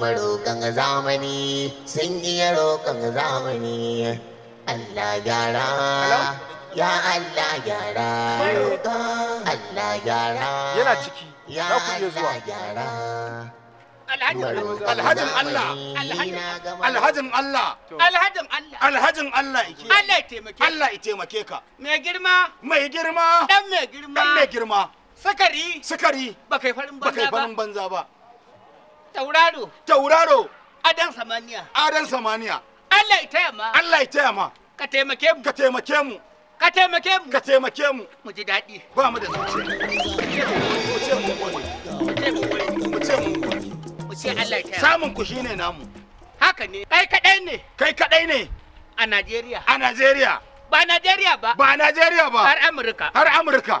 marokan zamani sun iya rokan zamani Allah gyara ya Allah gyara Allah gyara yana ciki ya ku zuwa gyara alhajin Allah alhajin Allah alhajin Allah alhajin Allah iki Allah ya taimake Allah ya taimake ka mai girma mai girma dan mai girma dan girma sakari sakari ba farin banza ba Tauraro. Tauraro. Adan samaniya. Adan samaniya. Allah ita yamma. Allah ita yamma. Ka taimake mu. Ka taimake mu. Ka taimake mu. Ka taimake mu. Mu ji daɗi. Ba mu da zuciya. Samun ku shine namu. Haka ne. Kai kaɗai ne. Kai kaɗai ne. A Najeriya. A Najeriya. Ba Najeriya ba. Ba Najeriya ba. Har Amurka. Har Amurka.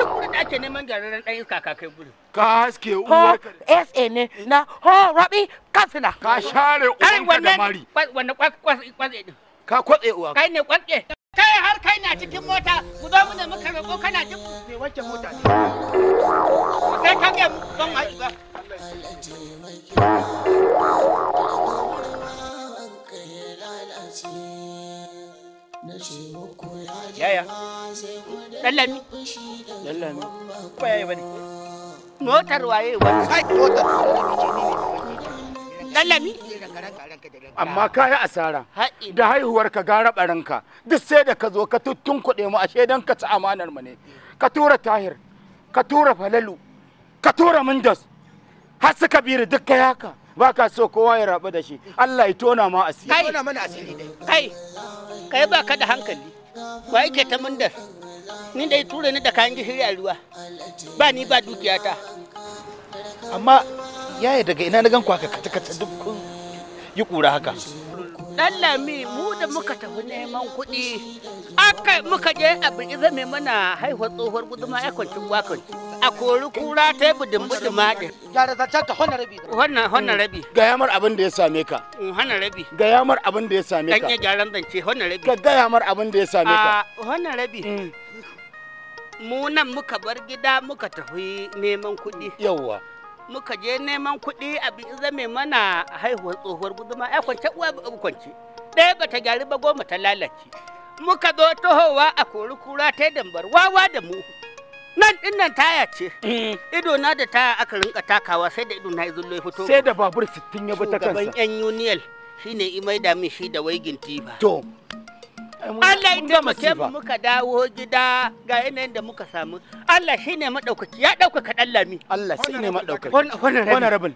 Duk ake neman jariran ɗan iska ka kai gudu. Ka haske uwa. SA ne na ho rabi kansina. Ka share ka da mari. Wannan kwatse din. Ka kwatse uwa. Kai ne kwatse. Kai har kai na cikin mota ku zo mu ne muka roƙo kana jin me wacce mota ne. Sai ka ga ban haɗu ba. yaya ɗallami ɗallami ba yaya ba ne motar waye ba ai motar ɗallami amma ka yi asara da haihuwar ka gara ɓaranka, duk sai da ka zo ka tuttun kuɗe mu ashe don ka ci amanar mu ne ka tura tahir ka tura falalu ka tura mundas har su kabiru duk ka yaka ba ka so kowa ya rabu da shi allah ya tona ma asiri Kai, kai kai ba ka da hankali wa yake ta mundar ni dai tura ni da kayan gishiri a ruwa ba ni ba dukiyata amma yaya daga ina na gan ku haka kata kata duk yi kura haka lami mu da muka tafi neman kuɗi aka muka je a biki zame mana haihuwar tsohuwar guduma ya kwanci a kori kura ta yi budin budin maɗi Gyara ta ta hona rabi. Hona hona rabi. Mm. Gaya yamar abin da ya same ka. Mm, hona rabi. Gaya yamar abin da ya same ka. Ɗan iya gyaran zance hona rabi. Ka gaya yamar abin da ya same ka. Ah, hona rabi. Mm. Mu nan muka bar gida muka tafi neman kuɗi. Yawwa. muka je neman kuɗi a bi zame mana haihuwar tsohuwar guduma ya kwance uwa ba kwance ɗaya ba ta ba goma ta lalace muka zo tohowa a kori kura ta dambar wawa da mu nan din nan taya ce mm. ido na da taya aka rinka takawa sai da ido na izullo ya fito sai da babur 60 ya bi ta kansa shugaban yan union shine imai da min shi da waigin tiba to Allah in taimake mu muka dawo gida ga yanayin da muka samu Allah shine madaukaki ya ɗaukaka dan lami Allah shine madaukaki rabin.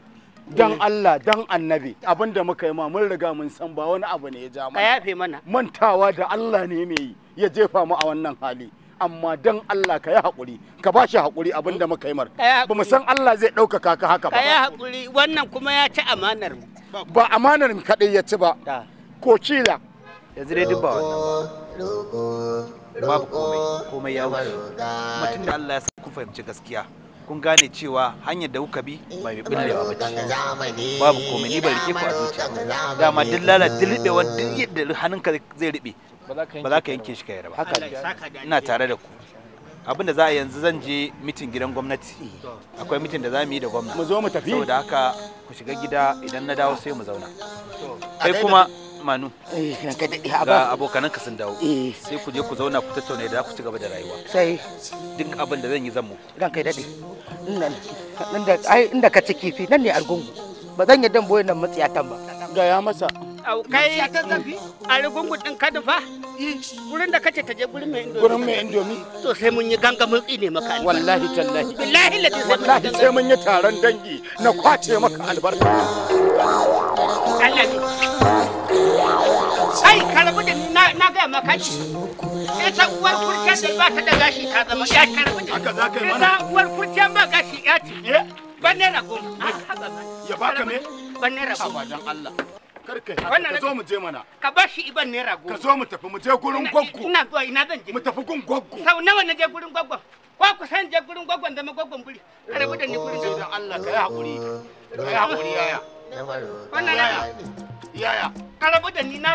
dan eh. Allah dan annabi abinda muka yi ma mun riga mun san ba wani abu ne ya ja mana ka yafe mana mantawa da Allah ne mai ya jefa mu a wannan hali amma dan Allah ka yi haƙuri ka ba shi haƙuri abin da muka yi mar ba mu san Allah zai ɗaukaka ka haka ba ka yi haƙuri wannan kuma ya ci amanar mu ba amanar mu kaɗai ya ci ba ko cila yanzu dai dubba wannan ba babu komai komai ya wuce kuma tunda Allah ya sa ku fahimci gaskiya kun gane cewa hanyar da kuka bi ba mai billewa ba ce babu komai ni ba rike ku a zuciya dama duk lala duk ribewa duk yadda hannunka zai ribe ba za ka yanke shi ka yara ba haka ne ina tare da ku abinda za a yanzu zan je mitin gidan gwamnati akwai mitin da za mu yi da gwamnati mu zo mu tafi saboda haka ku shiga gida idan na dawo sai mu zauna kai kuma manu eh, ga abokanan ka sun dawo eh. sai ku je ku zauna ku tattauna da ku ci gaba da rayuwa sai duk abin da zan yi zan mu ran kai dade da ai inda ka ciki kifi nan ne argungu ba zan yadda boye nan matsiyatan ba ga ya masa kai argungu din ka dufa gurin eh. da kace ta je gurin mai indomi gurin mai indomi to sai mun yi ganga mun tsine maka wallahi tallahi billahi lati wallahi sai mun yi taron dangi na kwace maka albarka Allah ne Ai, ka rabu da ni na gaya maka ci. Ita uwar kurciyar da ba ta da gashi ta zama ya Haka za ka yi mana. uwar ba gashi ya eh? Ya baka me? Allah. ka zo mu je mana. Ka bar shi iban Ka zo mu tafi mu je gurin gwaggo. Ina zuwa ina zan je. Mu tafi gwaggo. Sau nawa na je gurin gwaggo? Ko ku san je gurin buri. da ni gurin Allah ka yi Ka yi yaya. yaya yaya karabu da ni na